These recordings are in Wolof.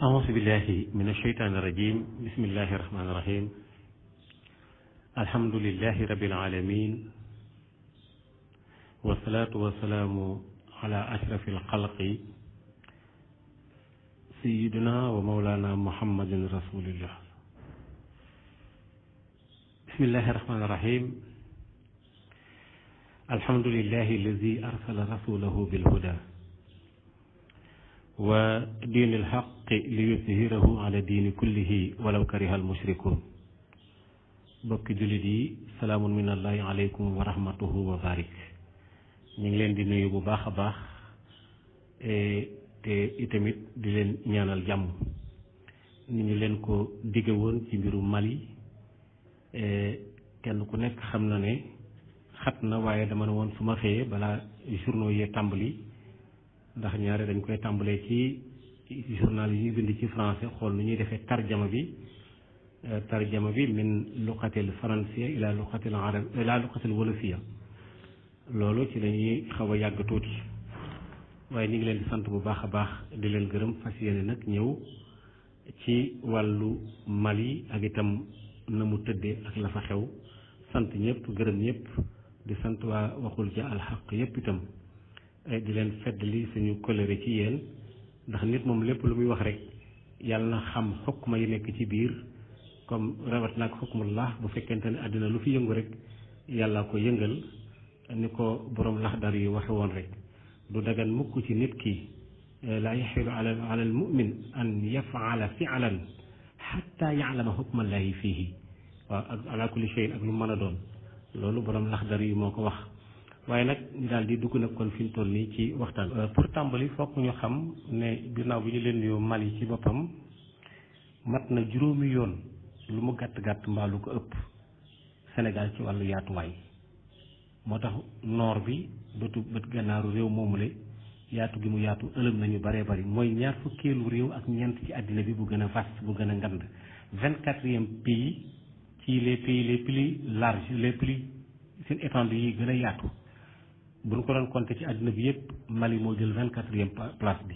أعوذ بالله من الشيطان الرجيم بسم الله الرحمن الرحيم الحمد لله رب العالمين والصلاة والسلام على أشرف الخلق سيدنا ومولانا محمد رسول الله بسم الله الرحمن الرحيم الحمد لله الذي أرسل رسوله بالهدى wa diinil xaqi li yuthirahu ala diini kullihi walaw kariha al mushrikun bokki jullit yi salaamun min allahi aleykum wa rahmatuhu wa ñu ngi leen di nuyu bu baax a baax e, te itamit di leen ñaanal jàmm ni ñu leen ko digge woon ci mbiru Mali e, kenn ku nekk xam na ne xat na waaye dama ne woon su ma xëyee balaa journaux yee tàmbali ndax ñaare dañ koy tàmbalee ci journal yi bind ci francais xool nu ñuy defee tarjama bi euh, tarjama bi min luqatil faransiya ila luqatil arab ila luqatil wolofiya loolu ci lañuy xaw a yàgg tuuti waaye ñu ngi leen di sant bu baax a baax di leen gërëm fas yéene nag ñëw ci wàllu Mali ak itam na mu tëddee ak la fa xew sant ñëpp gërëm ñëpp di sant waa waxul ja alxaq yëpp itam E di leen feddali suñu colère ci yéen ndax nit moom lépp lu muy wax rek yàlla na xam xukma yi nekk ci biir comme rawat naak xukmullah bu fekkente ne àddina lu fi yëngu rek yàlla ko yëngal ni ko borom lax dar yi waxe woon rek du dagan mukk ci nit ki e, laa yaxilu ala ala al mumin an yafaala fialan xatta yaalama xukmallahi fiihi waaw ak ala kulli cheyin ak lu mën a doon loolu borom lax dar yi moo ko wax waaye nag ñu daal di dugg nag kon fi ñu toll nii ci waxtaan euh, pour tàmbali fokk ñu xam ne ginnaaw bi ñu leen nuyoo Mali ci boppam mat na juróomi yoon lu mu gàtt gàtt mbaa lu ko ëpp Sénégal ci wàllu yaatuwaay moo tax noor bi bëtu bët gannaaru réew moomule yaatu gi mu yaatu ëlëm nañu baree bari mooy ñaar fukkeelu réew ak ñeent ci àddina bi bu gën a bu gën a ngand vingt-quatrième pays ci les pays les plus larges les plus seen étendues yi gën a yaatu bu ñu ko doon compter ci àdduna bi yëpp Mali moo jël vingt quatrième place bi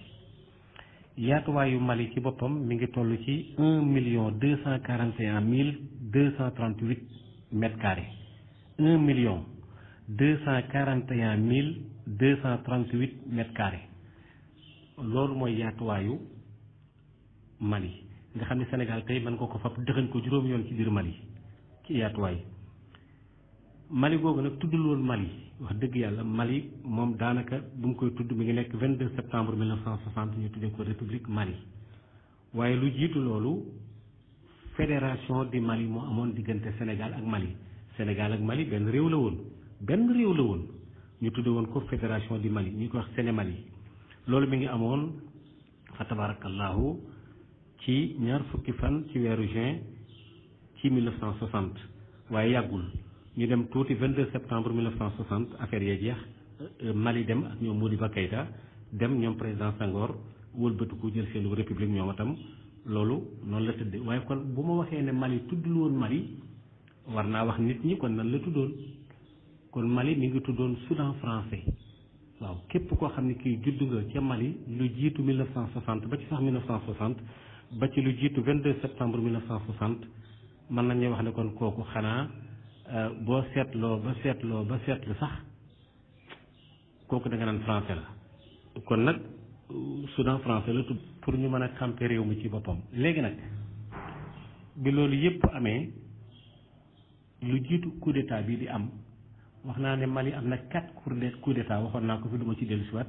yaatuwaayu Mali ci boppam mi ngi toll ci un million deux cent quarante et un mille deux cent trente huit mètres carrés million deux cent quarante et mille deux cent trente huit loolu mooy yaatuwaayu Mali nga xam ne Sénégal tey mën ko ko fab dëxañ ko juróom yoon ci biir Mali ci yaatuwaay Mali googu nag tudd loolu Mali wax dëgg yàlla Mali moom daanaka bu mu koy tudd mu ngi nekk 22 septembre 1960 ñu tuddee ko république Mali waaye lu jiitu loolu fédération di Mali moo amoon diggante Sénégal ak Mali Sénégal ak Mali benn réew la woon benn réew la woon ñu tuddee woon ko fédération du Mali ñu ko wax Sénémali loolu mi ngi amoon fa tabarakallahu ci ñaar fukki fan ci weeru juin ci 1960 waaye yàggul. ñu dem tuuti 22 septembre 1960 affaire yee jeex euh, Mali dem ak ñoom Modibo Keïta dem ñoom président Senghor ku jël seenu république ñoom tam loolu noonu la tëddee waaye kon bu ma waxee ne Mali tuddul woon Mali war naa wax nit ñi kon nan la tuddoon kon Mali mi ngi tuddoon Soudan français waaw képp koo xam ne kii judd nga ca Mali lu jiitu 1960 ba ci sax 1960 ba ci lu jiitu 22 septembre man mën nañu wax ne kon kooku xanaa. Euh, boo seetloo ba seetloo ba seetlu sax kooku da nga naan français la kon nag Soudan français la tudd pour ñu mën a campé réew mi ci boppam léegi nag bi loolu yépp amee lu jiitu coup d'état bii di am wax naa ne Mali am na quatre coup d'état waxoon naa ko fi duma ci dellu dellusiwaat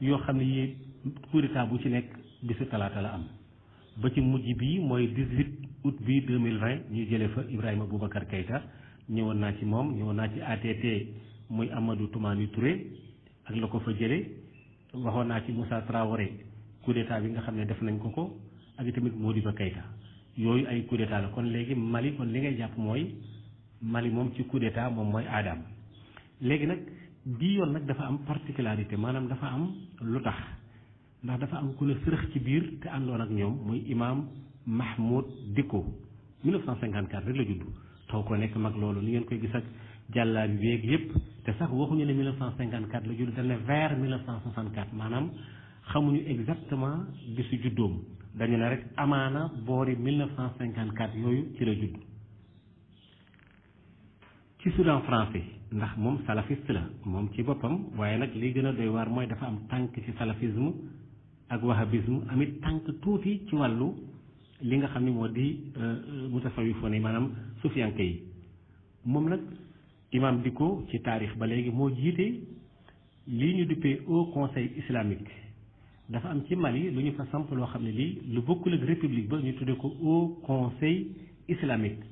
yoo xam ne yi coup d'état bu ci nekk bisu talaata la am ba ci mujj bii mooy 18 août bii 2020 ñu jëlee fa Ibrahima Boubacar Keïta ñëwoon naa ci moom ñëwoon naa ci ATT muy Amadou Toumani Touré ak la ko fa jële waxoon naa ci Moussa Traoré coup d'état bi nga xam ne def nañ ko ko ak tamit moo di ba Keïta yooyu ay coup d'état la kon léegi Mali kon li ngay jàpp mooy Mali moom ci coup d'état moom mooy aadaam léegi nag bii yoon nag dafa am particularité maanaam dafa am lu tax ndax dafa am ku ne sërëx ci biir te àndoon ak ñoom muy imaam Mahmoud Dicko 1954 rek la judd xaw ko nekk mag loolu li ngeen koy gis ak jàllaa bi beeg yépp te sax waxuñu ne 1954 la juddu dañ ne vers 1964 maanaam xamuñu exactement bisu juddoom dañu ne rek amaana boori 1954 yooyu ci la judd ci Soudan français ndax moom salafiste la moom ci boppam waaye nag li gën a doy waar mooy dafa am tànk ci salafisme ak wahabisme amit tànk tuuti ci wàllu li nga xam ne moo di euh, mutasawifoon yi maanaam sufiyanke yi moom nag imaam Dicko ci taarix ba léegi moo jiite lii ñu duppee haut conseil islamique dafa am ci Mali lu ñu fa samp loo xam ne lii lu bokkul ak république ba ñu tuddee ko haut conseil islamique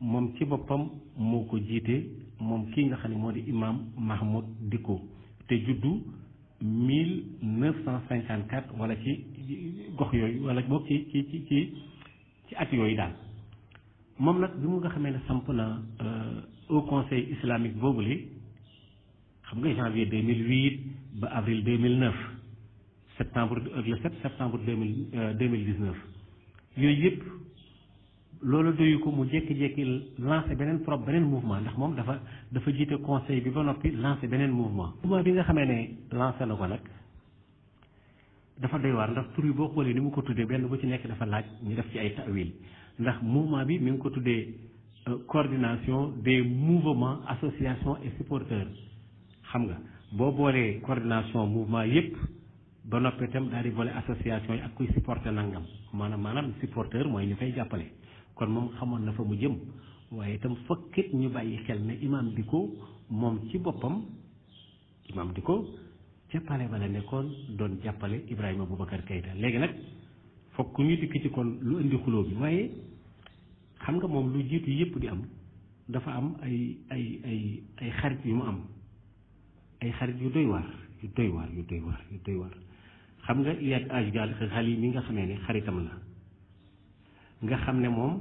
moom ci boppam moo ko jiite moom kii nga xam ne moo di imaam Mahmoud Dicko te juddu 1954 wala ci gox yooyu wala boog ci ci ci ci at yooyu daal moom nag bi mu nga xamee ne samp na euh, au conseil boobu boobule xam nga janvier 2008 ba avril 2009 septembre ak euh, le 7 septembre 2019 euh, yooyu yëpp loolu doyu ko mu jékki-jékki lancé beneen pro beneen mouvement ndax moom dafa dafa jiite conseil bi ba noppi lancé beneen mouvement. mouvement bi nga xamee ne lancé na ko nag dafa doy waar ndax tur boo xoolee ni mu ko tuddee benn bu ci nekk dafa laaj ñu def ci ay tawil ndax mouvement bi mu ngi ko tuddee euh, coordination des mouvements association et supporteurs xam nga boo boolee coordination mouvement yépp ba noppi itam daal di boole association yi ak kuy supporter nangam maanaam maanaam supporteur mooy ñu fay jàppale kon moom xamoon na fa mu jëm waaye itam fokk it ñu bàyyi xel ne imam di ko moom ci boppam imam di ko ca pale ba la nekkoon doon jàppale Ibrahima Boubacar Keïta léegi nag fokk ñu dikk ci kon lu indi xuloo bi waaye xam nga moom lu jiitu yépp di am dafa am ay ay ay ay xarit yu mu am ay xarit yu doy waar yu doy waar yu doy waar yu doy waar xam nga Iyad yi mi nga xamee ne xaritam la nga xam ne moom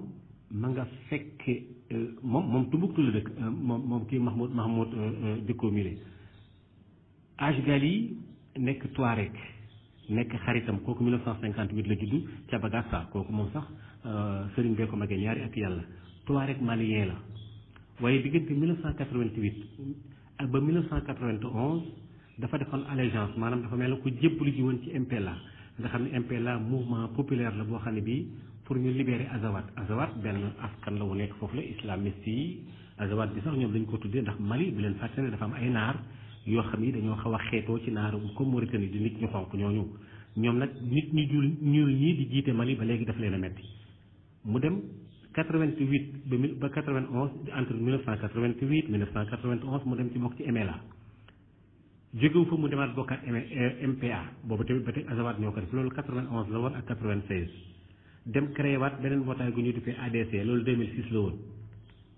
ma nga fekk euh, moom moom Tumbuktu la dëkk euh, moom moom kii Mahmoud Mahmoud euh, Dicko Mile Ashgali nekk Touareg nekk xaritam kooku 1958 la juddu ca Bagassa kooku moom sax euh, sëriñ bee ko magee ñaari ak yàlla Touareg malien la waaye diggante ak euh, ba 1991 dafa defoon allégeance maanaam dafa mel ne ku jébbalu ji woon ci MPLA nga xam ne MPLA mouvement populaire la boo xam ne bii pour ñu libérer Azawad Azawad benn askan la wu nekk foofu la islamiste yi Azawad bi sax ñoom lañ ko tuddee ndax Mali bu leen fàtte ne am ay naar yoo xam ni dañoo xaw a xeetoo ci naaru comme Mauritanie di nit ñu xonq ñooñu ñoom nag nit ñu jul ñuul ñii di jiite Mali ba léegi daf leen a metti mu dem 88 ba ba 91 entre 1988 1991 mu dem ci bokk ci MLA jógewu fa mu demaat bokkaat MPA boobu tamit ba tey Azawad ñoo ko def loolu 91 la woon ak 96 dem créé waat beneen mbootaay gu ñuy duppee ADC loolu 2006 la woon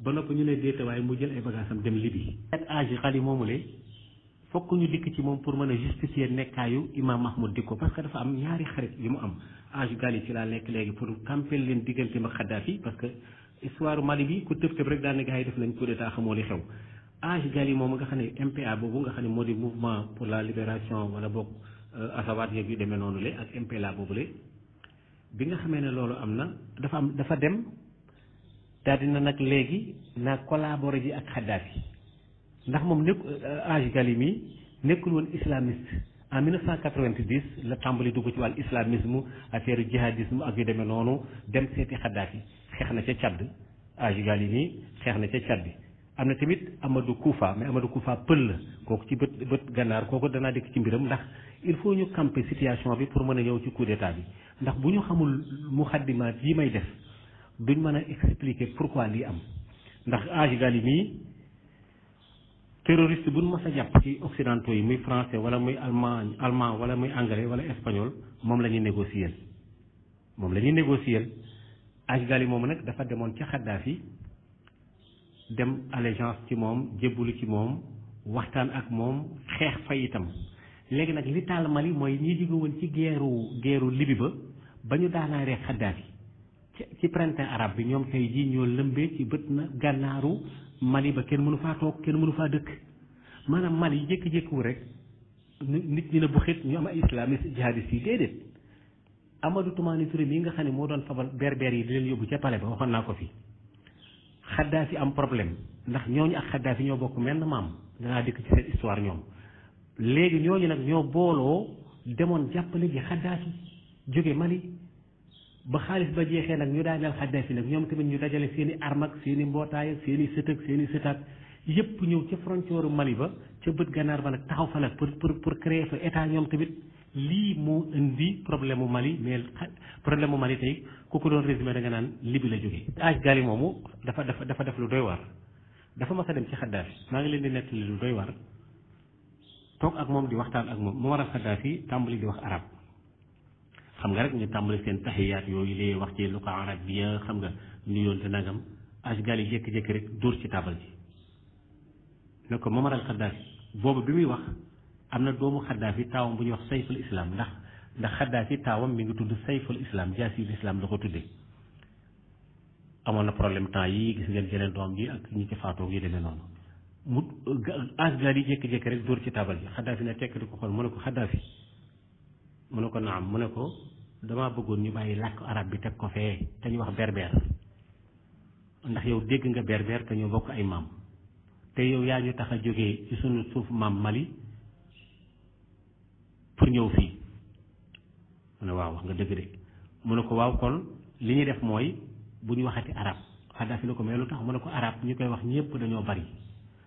ba nopp ñu ne déeta waaye mu jël ay bagaasam dem Libye. ak âge yi fokk ñu dikk ci moom pour mën a justifier nekkaayu imam Mahmoud Dicko parce que dafa am ñaari xarit yi mu am age gali ci laa nekk léegi pour campel leen diggante ma Kadhafi parce que histoire Mali bi ku tëb tëb rek daal ne gars yi def nañ coup d'état xamoo li xew age gali moom nga xam ne MPA boobu nga xam ne moo di mouvement pour la libération wala boog asawaat euh, yeeg yu demee noonu lee ak MPLA boobu le bi nga xamee ne loolu am na dafa am dafa dem daal dina nag léegi naa collaboré ji ak Kadhafi ndax moom nekk Hadj euh, Galimi nekkul woon islamiste en 1990 la tàmbali dugg ci wàllu islamisme affaire jihadisme ak yu demee noonu dem seeti Xaddaafi xeex na ca Tchad Hadj Galimi xeex na ca Tchad bi am na tamit Amadou Koufa mais Amadou Koufa pël la kooku ci bët bët gànnaar kooku danaa dikk ci mbiram ndax il faut ñu camper situation bi pour mën a ñëw ci coup d'état bi ndax bu ñu xamul muxaddimaat yi may def duñ mën a expliquer pourquoi lii am ndax Hadj Galimi terroriste bu ñu mës a jàpp ci occidentaux yi muy français wala muy allemand allemand wala muy anglais wala espagnol moom la ñuy négocier moom la ñuy négocier Ashgali moom nag dafa demoon ca Xaddaafi dem allégeance ci moom jébbalu ci moom waxtaan ak moom xeex fay itam léegi nag li taal Mali mooy ñi jóge woon ci geeru geeru Libi ba ba ñu daanaa rek Xaddaafi ci printemps arabe bi ñoom tey jii ñoo lëmbee ci bët na gànnaaru Mali ba kenn mënu faa toog kenn mënu faa dëkk maanaam Mali jékki-jékkiwu rek nit ñi ne bu xit ñu am ay islamiste jihadiste yi déedéet Amadou Toumani Touré mii nga xam ne moo doon fabal berber yi di leen yóbbu ca palais ba waxoon naa ko fi xaddaafi am problème ndax ñooñu ak xaddaafi ñoo bokk menn maam danaa dikk ci seen histoire ñoom léegi ñooñu nag ñoo booloo demoon jàppale ji xaddaafi jóge ba xaalis ba jeexee nag ñu daaneel xaddaa si nag ñoom tamit ñu dajale seeni i seeni mbootaay ak seen i sët ak seen i sëtaat yëpp ñëw ca frontière Mali ba ca bët ganaar ba nag taxaw fa nag pour pour pour créer fa état ñoom tamit lii moo indi problème mu Mali mais problème mu Mali tey ku ko doon résumé da nga naan Libi la jógee. aj gaali moomu dafa dafa dafa def lu doy waar dafa mas a dem ci Xaddaafi maa ngi leen di nettali lu doy war toog ak moom di waxtaan ak moom mu waral Xaddaafi tàmbali di wax arab xam nga rek ñu tàmbali seen taxiyaat yooyu lee wax ci lu ko arab bi xam nga yoon te nagam asgal yi jékki-jékki rek dóor ci tabal ji ne ko Mamar al Xaddaafi boobu bi muy wax am na doomu Xaddaafi taawam bu ñuy wax sayful islam ndax ndax Xaddaafi taawam mi tudd sayful islam jaasir islam la ko tuddee amoon problème temps yi gis ngeen jeneen doom ji ak ñi ci faatoo yi demee noonu yi jékki-jékki rek dóor ci tabal ji Xaddaafi ne tekk di ko xool mu ne ko Xaddaafi mu ne ko naam mu ne ko damaa bëggoon ñu bàyyi làkk arab bi teg ko fee te ñu wax berber ndax yow dégg nga berber te ñu bokk ay maam te yow yaa ñu tax a jóge ci sunu suuf maam Mali pour ñëw fii mu ne waaw wax nga dëgg de mu ne ko waaw kon li ñuy def mooy bu ñu waxati arab xadaafi la ko mais lu tax mu ne ko arab ñu koy wax ñëpp dañoo bari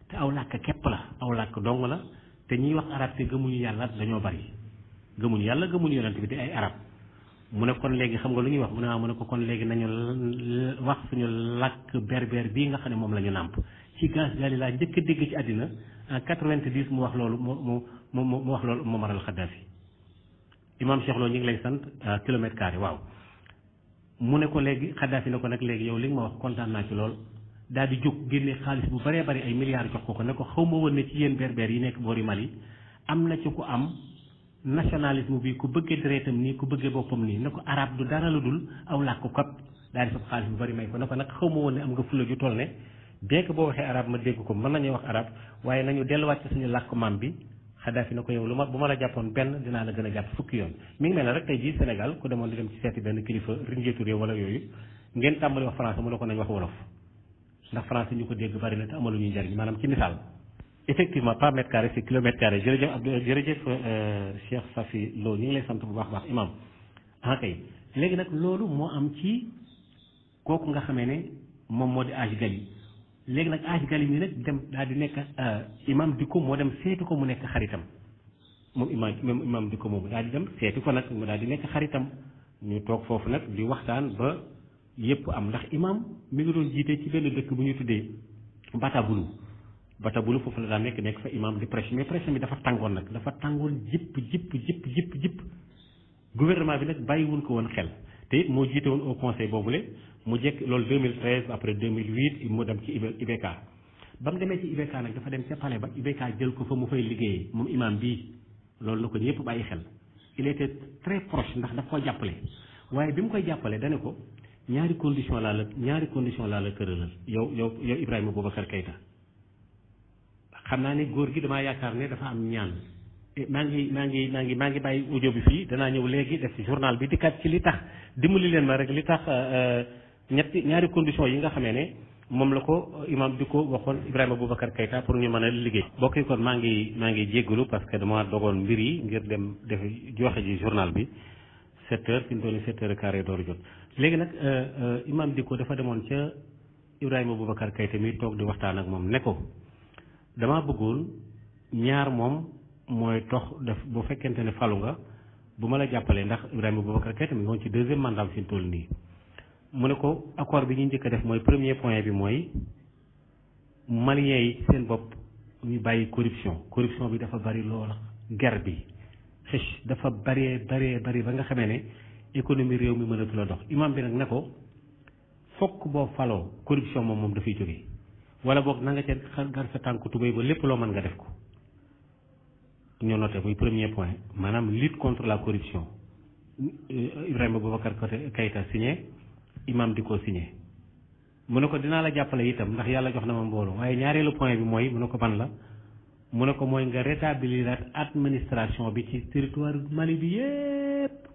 te aw làkk képp la aw làkk dong la te ñiy wax arab te gëmuñu yàlla dañoo bari gëmuñ yàlla gëmuñ yonent bi di ay arab mu ne kon léegi xam nga lu ñuy wax mu ne ah mu ne ko kon léegi nañu wax suñu làkk berber bii nga xam ne moom lañu nàmp ci gaz gaali laa njëkk a dégg ci àddina en mu wax loolu mu mu mu mu wax loolu Muammar al-Kadhafi imaam Cheikh Lo ñu ngi lay sant kilomètre carré waaw mu ne ko léegi Kadhafi ne ko nag léegi yow li nga ma wax kontaan naa ci lool daal di jóg génne xaalis bu baree bari ay milliards jox ko ko ne ko xaw ma woon ne yi nekk boori Mali am na ci ku am. nationalisme bi ku bëggee deretam nii ku bëggee boppam nii ne ko arab du dara lu dul aw làkk kot daal di fab xaalis bu bari may ko na ko nag xaw ma woon ne am nga fulla ju toll ne bien que boo waxee arab ma dégg ko mën nañu wax arab waaye nañu delluwaat ci suñu làkk maam bi Xadaafi na ko yow lu ma bu ma jàppoon benn dinaa la gën a jàpp fukki yoon mi ngi mel ne rek tey jii Sénégal ku demoon di dem ci seeti benn kilifa njiitu réew wala yooyu ngeen tàmbali wax français mu ne ko nañ wax wolof ndax français ñu ko dégg bari na te amaluñu njariñ maanaam ci misaal effectivement pas mètre carré c'est kilomètre carré jërëjëf Abdou jërëjëf euh, Cheikh Safi Lo ñu ngi lay sant bu baax baax imam a ah, kay léegi nag loolu moo am ci kooku nga xamee ne moom moo di âge gali léegi nag âge gali mi rek dem daal di nekk euh, imam dikko moo dem seetu ko mu nekk xaritam moom imam même imam dikko moomu daal di dem seetu ko nag mu daal di nekk xaritam ñu toog foofu nag di waxtaan ba yépp am ndax imam mi ngi doon jiite ci benn dëkk bu ñu tuddee Batabulu Batabulu foofu la daan nekk nekk fa imam di prêche mais prêche bi dafa tàngoon nag dafa tàngoon jëpp jëpp jëpp jëpp jëpp gouvernement bi nag bàyyiwul ko woon xel te it moo jiite woon au conseil le mu jekk loolu 2013 après 2008 mu dem ci IBK ba mu demee ci IBK nag dafa dem ca palais ba IBK jël ko fa mu fay liggéeyee moom imam bii loolu la ko ñëpp bàyyi xel il était très proche ndax daf ko jàppale waaye bi mu koy jàppale dane ko ñaari condition laa la ñaari condition laa la tëralal yow yow yow Ibrahima Boubacar Keita xam naa ni góor gi damaa yaakaar ne dafa am ñaan eh, maa ngi maa ngi maa ngi maa ngi bàyyi audio bi fii danaa ñëw léegi def ci journal bi dikkaat ci li tax dimbali leen ma rek li tax euh, euh, ñetti ñaari condition yi nga xamee ne moom la ko euh, imam di ko waxoon Ibrahima Boubacar Keita pour ñu mën a liggéey bokk kon maa ngi maa ngi jéggalu parce que dama dogoon mbir yi ngir dem def joxe ji journal bi sept heures fi mu toll nii sept heures et dooru jot léegi nag imam di ko dafa demoon ca Ibrahima Boubacar Keita mi toog di waxtaan ak moom ne ko damaa bëggoon ñaar moom mooy tox def boo fekkente ne falu nga bu ma la jàppalee ndax Ibrahima Boubacar Keïta mi ngi woon ci deuxième mandat fi mu toll nii mu ne ko accord bi ñu njëkk a def mooy premier point bi mooy maliens yi seen bopp ñu bàyyi corruption corruption bi dafa bari loola ger bi xëcc dafa bëree bëree bari ba nga xamee ne économie réew mi mënatu la dox imam bi nag ne ko fokk boo faloo corruption moom moom dafay jóge wala boog na nga ca gar sa tànku tubéy ba lépp loo man nga def ko ñoo noté muy premier point maanaam lutte contre la corruption Ibrahima Boubacar Keïta signé imam di ko signé mu ne ko dinaa la jàppale itam ndax yàlla jox na ma mbooloo waaye ñaareelu point bi mooy mu ne ko ban la mu ne ko mooy nga rétablir administration bi ci territoire Mali bi yépp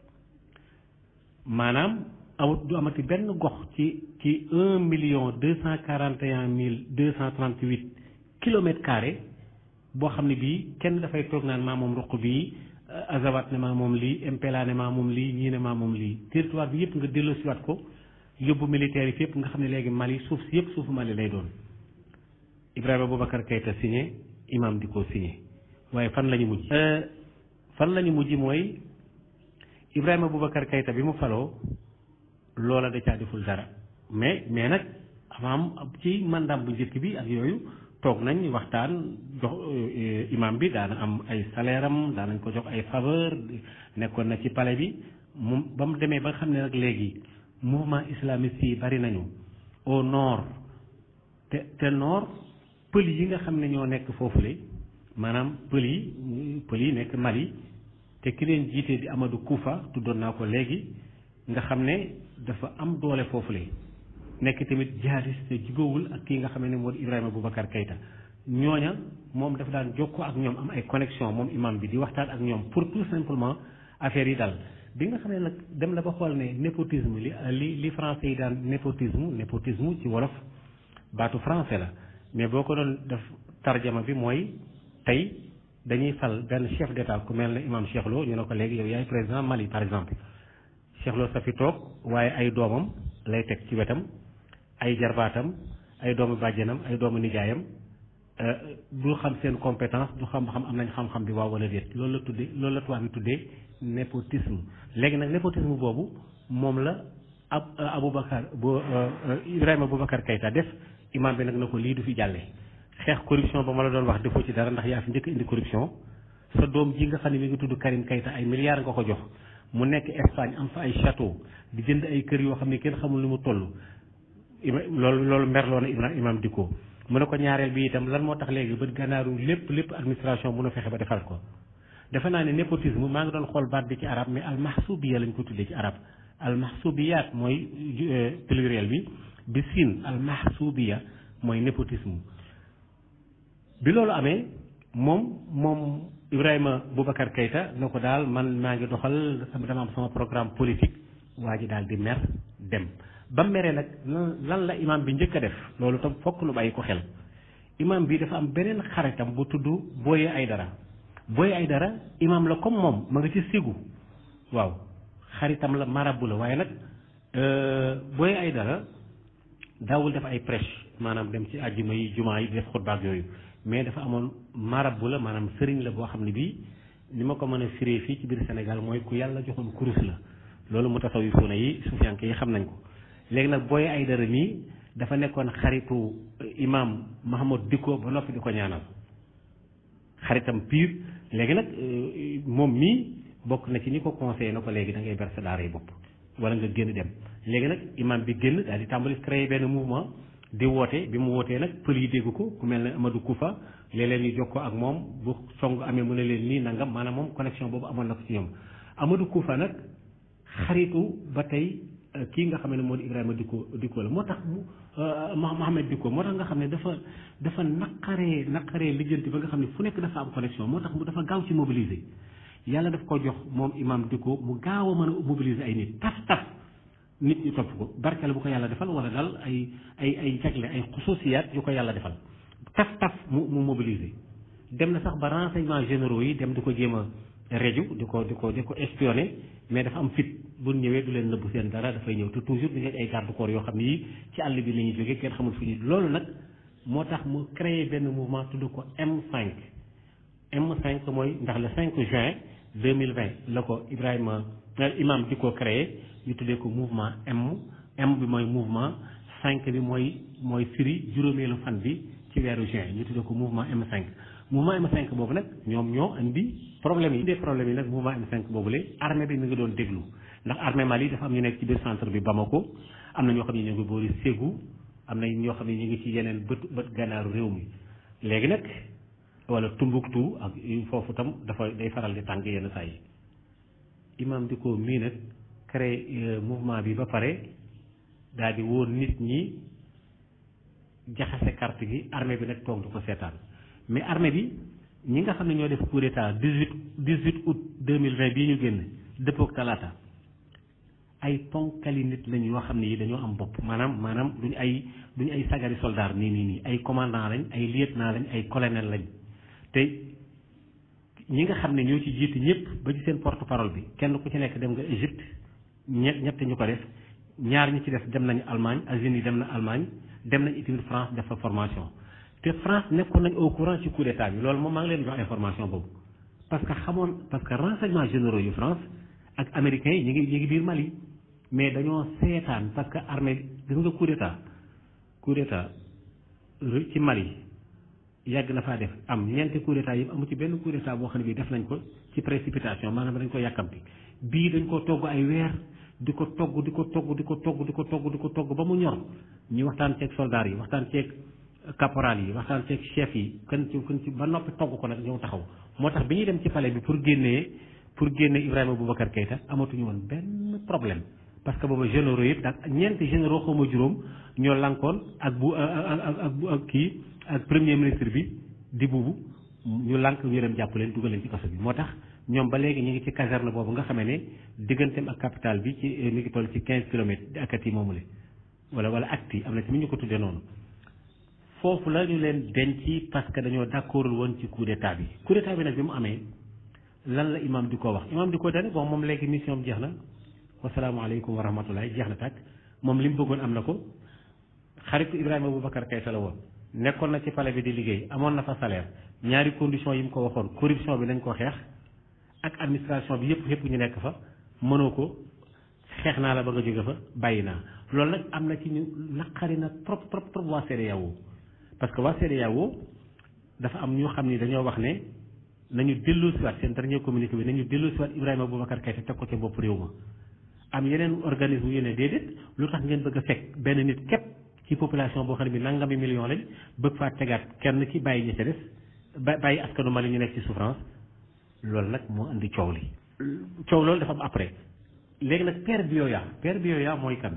maanaam amut du amati benn gox ci ci un million deux cent quarante et un mille deux cent trente huit kilomètres carrés boo xam ne bii kenn dafay toog naan maa moom ruq bi euh, azawat ne maa moom lii impela ne maa moom lii ñii ne maa moom lii territoire bi yëpp nga delloosiwaat ko yóbbu militaire yi fi yëpp nga xam ne léegi Mali suuf si yëpp suufu Mali lay doon Ibrahima Boubacar Keïta signé imam di ko signé waaye fan la ñu mujj euh, fan lañu ñu mujj mooy Ibrahima Boubacar Keïta bi mu faloo loola da caa deful dara mais mais nag avant ci mandaam bu njëkk bi ak yooyu toog nañ waxtaan jox euh, imam bi daana am ay salaire am daanañ ko jox ay faveur nekkoon na ci pale bi mu ba demee ba nga xam ne nag léegi mouvement islamiste yi bari nañu au nord te te nord pël yi nga xam ne ñoo nekk foofu foofule maanaam pël yi pël yi nekk Mali te ki leen jiite di Amadou Koufa tuddoon naa ko léegi nga xam ne dafa am doole foofu la nekk tamit jihadiste te jubóowul ak kii nga xam ne moo di Ibrahima Boubacar Keita ñooña moom dafa daan jokkoo ak ñoom am ay connexion moom imam bi di waxtaan ak ñoom pour tout simplement affaire yi dal bi nga xam ne nag dem la ba xool ne népotisme li li li français yi daan népotisme népotisme ci wolof baatu français la mais boo ko doon def tarjama bi mooy tey dañuy fal benn chef d'état ku mel ne imam Cheikh Lo ñu ne ko léegi yow yaay président Mali par exemple Cheikh Lo Safi toog waaye ay doomam lay teg ci wetam ay jarbaatam ay doomu bàjjenam ay doomu nijaayam euh, du xam seen compétence du xam-xam am nañ xam-xam bi waaw wala loolu la tuddee loolu la tubaab bi tuddee népotisme léegi nag népotisme boobu moom la ab euh, Aboubacar bu euh, Ibrahima Boubacar Keita def imaam bi nag na ko lii du fi jàlle xeex corruption ba ma la doon wax defoo ci dara ndax yaa fi njëkk indi corruption sa doom ji nga xam ne mi ngi tudd Karim Keita ay milliards nga ko jox mu nekk Espagne am fa ay château di jënd ay kër yoo xam ne kenn xamul lu mu toll loolu loolu merloo na Ibrahima Imam Dicko mu ne ko ñaareel bi itam lan moo tax léegi bët gànnaaru lépp lépp administration mun a fexe ba defal ko defe naa ne népotisme maa ngi doon xool baat bi ci arab mais almahsubiya lañ ko tuddee ci arab almahsubiyaat mooy euh, pluriel bi bi siin almahsubiya mooy népotisme bi loolu amee moom moom Ibrahima Boubacar Keita na ko daal man maa ngi doxal sama am sama programme politique waa ji daal di mer dem ba mere nag lan la imaam bi njëkk a def loolu tam fokk nu bàyyi ko xel imaam bi dafa am beneen xaritam bu tudd Boye Aydara Boye Aydara imaam la comme moom ma nga ci sigu waaw xaritam la marabu la waaye nag euh, ay dara daawul def ay prêche maanaam dem ci àjjuma yi jumaa yi di def xutbaak yooyu mais dafa amoon marab bu la maanaam sëriñ la boo xam ne bii li ma ko mën a firee fii ci biir Sénégal mooy ku yàlla joxoon kurus la loolu mu tasaw yu fuuna yi suufiyanke yi xam nañ ko léegi nag booy ay dara nii dafa nekkoon xaritu imam Mahamad Dikko ba noppi di ko ñaanal xaritam pire léegi nag euh, moom mii bokk na ci ni ko conseillé na ko léegi da ngay berse daara yi bopp wala nga génn dem léegi nag imam bi génn daal di tàmbali créer benn mouvement di woote bi mu wootee nag pël yi dégg ko ku mel ne Amadou Koufa léeg yi ñu jokkoo ak moom bu song amee mu ne leen nii nangam maanaam moom connexion boobu amoon na ko ci ñoom Amadou Koufa nag xaritu ba tey euh, kii nga xam ne moo di Ibrahima Dikko Dikko la moo tax mu euh, Mohamed Dikko moo tax nga xam ne dafa dafa naqaree naqaree lijjanti ba nga xam ne fu nekk dafa am connexion moo tax mu dafa gaaw ci mobiliser yàlla daf ko jox moom imam Dikko mu gaaw a mën a mobiliser ay nit nit ñi topp ko barkeel bu ko yàlla defal wala daal ay ay ay jagle ay xususiyaat yu ko yàlla defal taf taf mu mu mobiliser dem na sax ba renseignement généraux yi dem di ko jéem a reju di ko di ko di ko espionné mais dafa am fit bu ñëwee du leen nëbbu seen dara dafay ñëw te toujours di ngeen ay garde corps yoo xam ne yi ci àll bi la ñuy jógee kenn xamul fu ñu loolu nag moo tax mu créé benn mouvement tudd ko M5 M5 mooy ndax le cinq juin 2020 la ko Ibrahima euh, di ko créé ñu tuddee ko mouvement M M bi mooy mouvement cinq bi mooy mooy juróom juróomeelu fan bi ci weeru juin ñu tuddee ko mouvement M5 mouvement m cinq boobu nag ñoom ñoo indi problème yi des problèmes yi nag mouvement M5 boobu la armée bi mi ngi doon déglu ndax armée Mali dafa am ñu nekk ci biir centre bi Bamako am na ñoo xam ne ñu ngi boori Ségou am na ñoo xam ne ñu ngi ci yeneen bët bët gànnaaru réew mi léegi nag wala Tumbuktu ak foofu tam dafa day faral di tànk yenn saa yi imam di ko mii créé euh, mouvement bi ba pare daal di wóor nit ñi jaxase carte gi armée bi nag toog du ko seetaan mais armée bi ñi nga xam ne ñoo def coup d'état dix-huit dix-huit août deux mille vingt bii ñu génn dëppook talaata ay ponkali nit lañ yoo xam ne yi dañoo am bopp maanaam maanaam duñu ay duñu ay sagari soldat nii nii nii ay commandant lañ ay lieutenant lañ ay colonel lañ te ñi nga xam ne ñoo ci jiitu ñëpp ba ci seen porte parole bi kenn ku ci nekk dem nga Égypte ñe ñett ñu ko def ñaar ñi ci def dem nañu Allemagne Algérie dem na Allemagne dem nañ itamit France def fa formation te France nekkoon nañ au courant ci coup d'état bi loolu moom maa ngi leen jox information boobu parce que xamoon parce que renseignements généro yu France ak américain yi ñu ngi ñu ngi biir Mali mais dañoo seetaan parce que armée gis nga coup d'état coup d'état ci Mali yàgg na faa def am ñeenti coup d'état yëpp amu ci benn coup d'état boo xam ne bii def nañ ko ci précipitation maanaam dañ ko yàkkamti bii dañ ko togg ay weer di ko togg di ko togg di ko togg di ko togg di ko togg ba mu ñor ñu waxtaan ceeg soldats yi waxtaan ceeg caporal yi waxtaan ceeg chef yi kan ci kan ci ba noppi togg ko nag ñëw taxaw moo tax bi ñuy dem ci palais bi pour génnee pour génne Ibrahima Boubacar Keïta amatuñu woon benn problème parce que booba généraux yëpp daal ñeenti généraux xaw ma juróom ñoo lankoon ak bu ak bu ak kii ak premier ministre bi di buubu ñu lànk wéram jàpp leen dugal leen ci kaso bi moo tax ñoom ba léegi ñu ngi ci caserne boobu nga xamee ne digganteem ak capital bi ci mi ngi toll ci 15 kilomètres di akati moomule wala am na ci mu ñu ko tuddee noonu foofu la ñu leen denc parce que dañoo d'accordul woon ci coup d'état bi coup bi nag bi mu amee lan la imam di ko wax imam di ko dane bon moom léegi mission bi jeex na wasalaamaaleykum wa rahmatulah jeex na tàkk moom li mu bëggoon am na ko xaritu Ibrahima Boubacar Keïta la woon nekkoon na ci pale bi di liggéey amoon na fa salaire ñaari condition yi mu ko waxoon corruption bi nañ ko xeex ak administration bi yëpp yëpp ñu nekk fa mënoo ko xeex naa la ba nga jóge fa bàyyi naa loolu nag am na ci ñu xari na trop trop trop waa CEDEAO parce que waa CEDEAO dafa am ñoo xam ni dañoo wax ne nañu dellu si waat seen dernier communiqué bi nañu dellu si waat Ibrahima Boubacar Keïta teg ko ci bopp réew ma am yeneen organisme yu ne déedéet lu tax ngeen bëgg a fekk benn nit képp ci population boo xam ne bi nangami million lañ bëgg faa tegaat kenn ci bàyyi ba bàyyi askanu Mali ñu nekk ci souffrance loolu nag moo indi coow li coow loolu dafa am après léegi nag Pierre Buyoya Pierre Buyoya mooy kan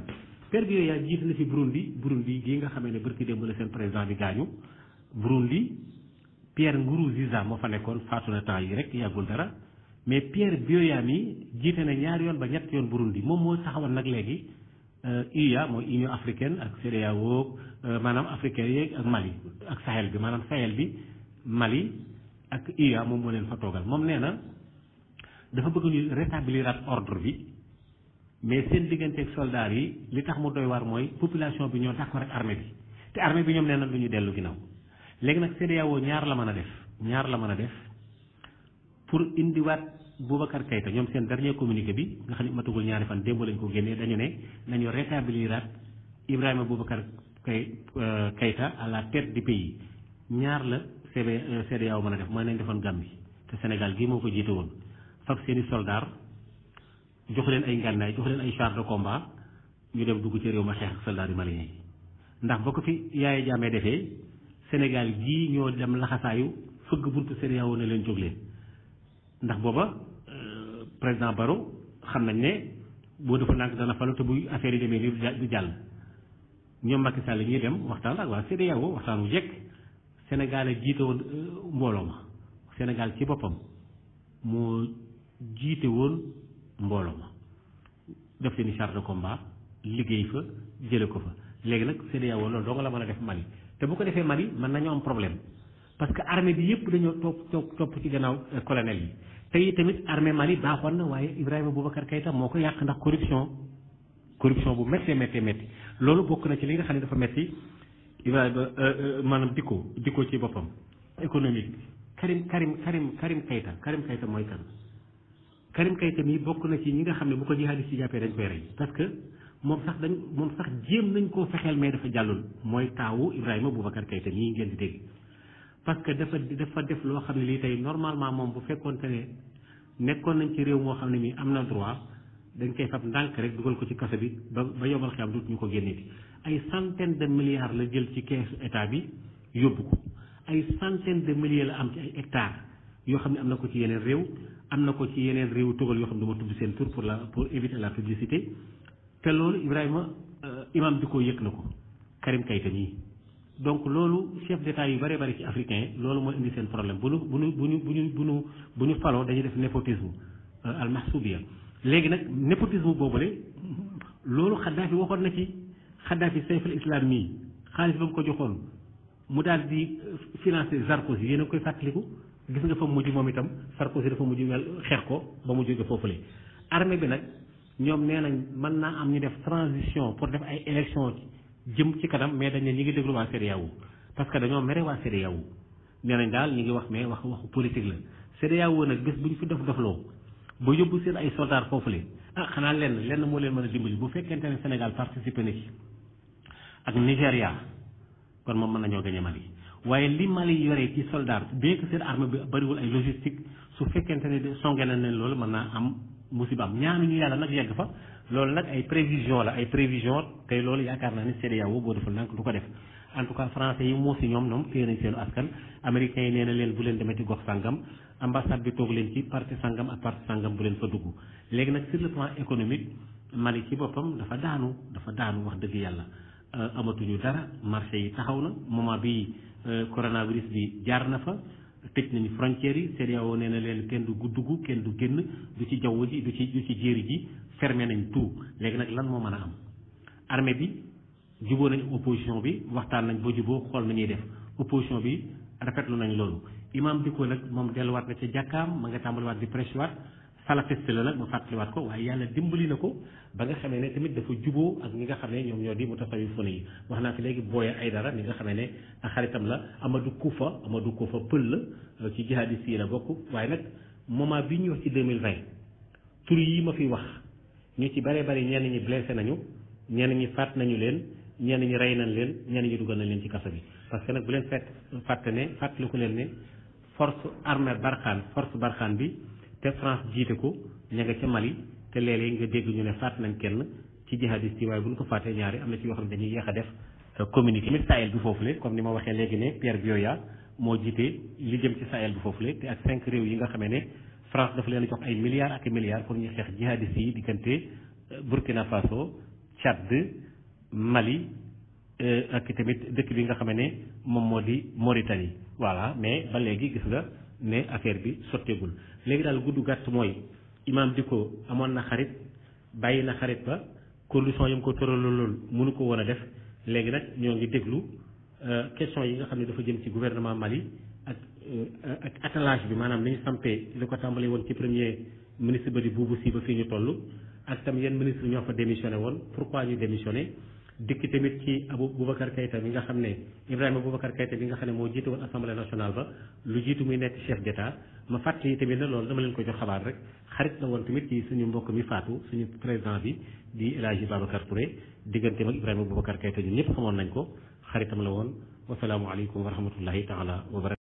Pierre Buyoya jiite na fi Burundi Burundi gii nga xamee ne barki démb la seen président bi gaañu Burundi Pierre Nkurunziza moo fa nekkoon faatu na temps yi rek yàggul dara mais bio yaa mi jiite na ñaari yoon ba ñett yoon Burundi moom moo taxawal nag léegi UA euh, mooy Union africaine ak CEDEAO euh, maanaam africain yeeg ak Mali ak Sahel bi maanaam bi Mali ak UA moom moo leen fa toogal moom nee na dafa bëgg ñu rétablir at ordre bi mais seen digganteeg soldaar yi li tax mu doy waar mooy population bi ñoo d'accord ak armée bi te armée bi ñoom nee na du ñu dellu ginnaaw léegi nag CEDEAO ñaar la mën a def ñaar la mën a def pour indiwaat Boubacar Keïta ñoom seen dernier communiqué bi nga xam ne matagul ñaari fan démb lañ ko génnee dañu ne nañu rétablir at Ibrahima Boubacar euh, Keïta à la tête du pays ñaar la. CEDEAO euh, mën a def mooy nañ defoon Gambie te Sénégal gii moo ko jiite woon fab seeni soldaar jox leen ay ngànnaay jox leen ay char de combat ñu dem dugg ci réew ma xeex ak soldaar yu malien ndax ba ko fi yaaya jaamee defee Sénégal gii ñoo dem laxasaayu fëgg buntu leen jóg ndax booba euh, président Barrow xam nañ ne boo dafa nànk dana falu te buy affaire yi demee nii du jàll ñoom Macky Sall ñuy dem waxtaan ak waa CEDEAO waxtaan wu jekk Sénégal a jiite woon euh, mbooloo ma Sénégal ci boppam moo jiite woon mbooloo ma def seeni charte de combat liggéey fa jële ko fa léegi nag CEDEAO loolu doo nga la mën a def Mali te bu ko defee Mali mën nañoo am problème parce que armée bi yëpp dañoo topp topp topp ci gannaaw euh, colonel yi tey tamit armee Mali baaxoon na waaye Ibrahima Boubacar Keïta moo ko yàq ndax corruption corruption bu mettee méttee métti loolu bokk na ci li nga xam ne dafa métti Ibrahima euh, euh, maanaam dikko dikko ci boppam économique Karim Karim Karim Karim Keita Karim Keita mooy kan Karim Keita mii bokk na ci ñi nga xam ne bu ko jihadiste ci jàppee dañ koy rey parce que moom sax dañ moom sax jéem nañ koo fexeel mais dafa jàllul mooy taawu Ibrahima Boubacar Keita mii ngeen di dégg parce que dafa dafa def loo xam ne lii tey normalement moom bu fekkoonte ne nekkoon nañ ci réew moo xam ne mii am na droit dañ koy fab ndànk rek dugal ko ci kaso bi ba ba yombal xeam dut ko génneeti ay centaine de milliards la jël ci keesu état bi yóbbu ko ay centaine de milliers la am ci ay hectares yoo xam ne am na ko ci yeneen réew am na ko ci yeneen réewu tugal yoo xam ne duma tudd seen tur pour la pour éviter la publicité te loolu Ibrahima euh, imam bi ko yëg na ko Karim Keïta nii donc loolu chef d'état yu bare bari ci africain loolu moo indi seen problème bu nu bu nu bu ñu bu ñu bu ñu bu ñu faloo dañuy def népotisme euh, al mahsubiya léegi nag népotisme boobule loolu Kadhafi waxoon na ci. Kadhafi sayfal islam mii xaalis ba mu ko joxoon mu daal di financé Sarkozy yéen a koy fàttaliku gis nga fa mujj moom itam Sarkozy dafa mujj wel xeex ko ba mu jóge foofule. armée bi nag ñoom nee nañ mën naa am ñu def transition pour def ay élection jëm ci kanam mais dañ ne ñi ngi déglu waa CEDEAO parce que dañoo mere waa CEDEAO nee nañ daal ñu ngi wax mais wax waxu politique la CEDEAO nag bés bu ñu fi dof dofloo ba yóbbu seen ay soldats foofule ah xanaa lenn lenn moo leen mën a dimbali bu fekkente ne Sénégal participé na ak Nigéria kon moom mën nañoo gañe Mali waaye li Mali yore ci soldat bien que seen armée bi bariwul ay logistique su fekkente ne songe na leen loolu mën naa am am musibaam ñaanuñu yàlla nag yegg fa loolu nag ay prévision la ay prévision tey loolu yaakaar naa ne CEDEAO boo deful nank du ko def en tout cas français yi moo si ñoom ñoom téye nañ seenu askan américains yi nee leen bu leen demee ci gox sàngam ambassade bi toog leen ci parti sàngam ak parti sàngam bu leen fa dugg léegi nag sur le plan économique ci boppam dafa daanu dafa daanu wax dëgg yàlla Euh, amatuñu dara marché yi taxaw na moment bi euh, coronavirus bi jaar na fa tëj nañu frontières yi CEDEAO nee na leen kenn du dugg kenn du génn du ci jaww ji du ci du ci jéeri ji fermé nañ tout léegi nag lan moo mën a am armée bi juboo nañ opposition bi waxtaan nañ ba juboo xool nañuy def opposition bi rafetlu nañ loolu imam Dicko nag moom delluwaat na ca jàkkaam ma nga tàmbaliwaat di prêche salafiste la nag ma fàttaliwaat ko waaye yàlla dimbali na ko ba nga xamee ne tamit dafa juboo ak ñi nga xam ne ñoom ñoo di mutasawwifuna yi wax naa fi léegi booye ay dara mi nga xamee ne ak xaritam la Amadou Koufa Amadou Koufa pël la euh, ci jihadis yi la bokk waaye nag moment bi ñu wax ci 2020 tur yi ma fi wax ñu ci bare bari ñenn ñi blessé nañu ñenn ñi faat nañu leen ñenn ñi rey nañ leen ñenn ñi dugal nañ leen ci kaso bi parce que nag bu leen fekk fàtte ne fàttaliku leen ne force armée Barkhane force Barkhane bi te France jiite ko ña nga ca Mali te léeg-léeg nga dégg ñu ne faat nañ kenn ci jihadiste yi waaye bu ñu ko faatee ñaari am na ci yoo xam ne dañuy yéex a def euh, communiqué. tamit Sahel bi foofu la ni ma waxee léegi ne Pierre Bioya moo jiite li jëm ci Sahel bi foofu la te ak cinq réew yi nga xamee ne France dafa leen jox ay milliards ak milliards pour ñu xeex jihadiste yi diggante euh, Burkina Faso Tchad Mali euh, ak tamit dëkk bi nga xam ne moom moo di Mauritanie voilà mais ba léegi gis nga ne affaire bi sotteegul léegi daal gudd gàtt mooy imaam ko amoon na xarit bàyyi na xarit ba condition yi mu ko tëral loolu mënu ko woon a def léegi nag ñoo ngi déglu euh, question yi nga xam ne dafa jëm ci gouvernement Mali ak euh, ak attelage bi maanaam li ñu sampee li ko tàmbalee woon ci premier ministre ba di Boubou Sy ba fii ñu toll ak tam yenn ministre ñoo fa démissionné woon pourquoi ñu démissionné dikki tamit ci Abu Boubacar Keïta bi nga xam ne Ibrahima Boubacar Keïta bi nga xam ne moo jiitu woon nationale ba lu jiitu muy nekk chef d'état ma fàttali tamit ne loolu dama leen ko jox xabaar rek xarit la woon tamit ci suñu mbokk mi faatu suñu président bi di El Hadji Babacar Touré digganteem ak Ibrahima Boubacar Keïta ñun ñëpp xamoon nañ ko xaritam la woon wasalaamualeykum wa rahmatullahi taala wa barakatuh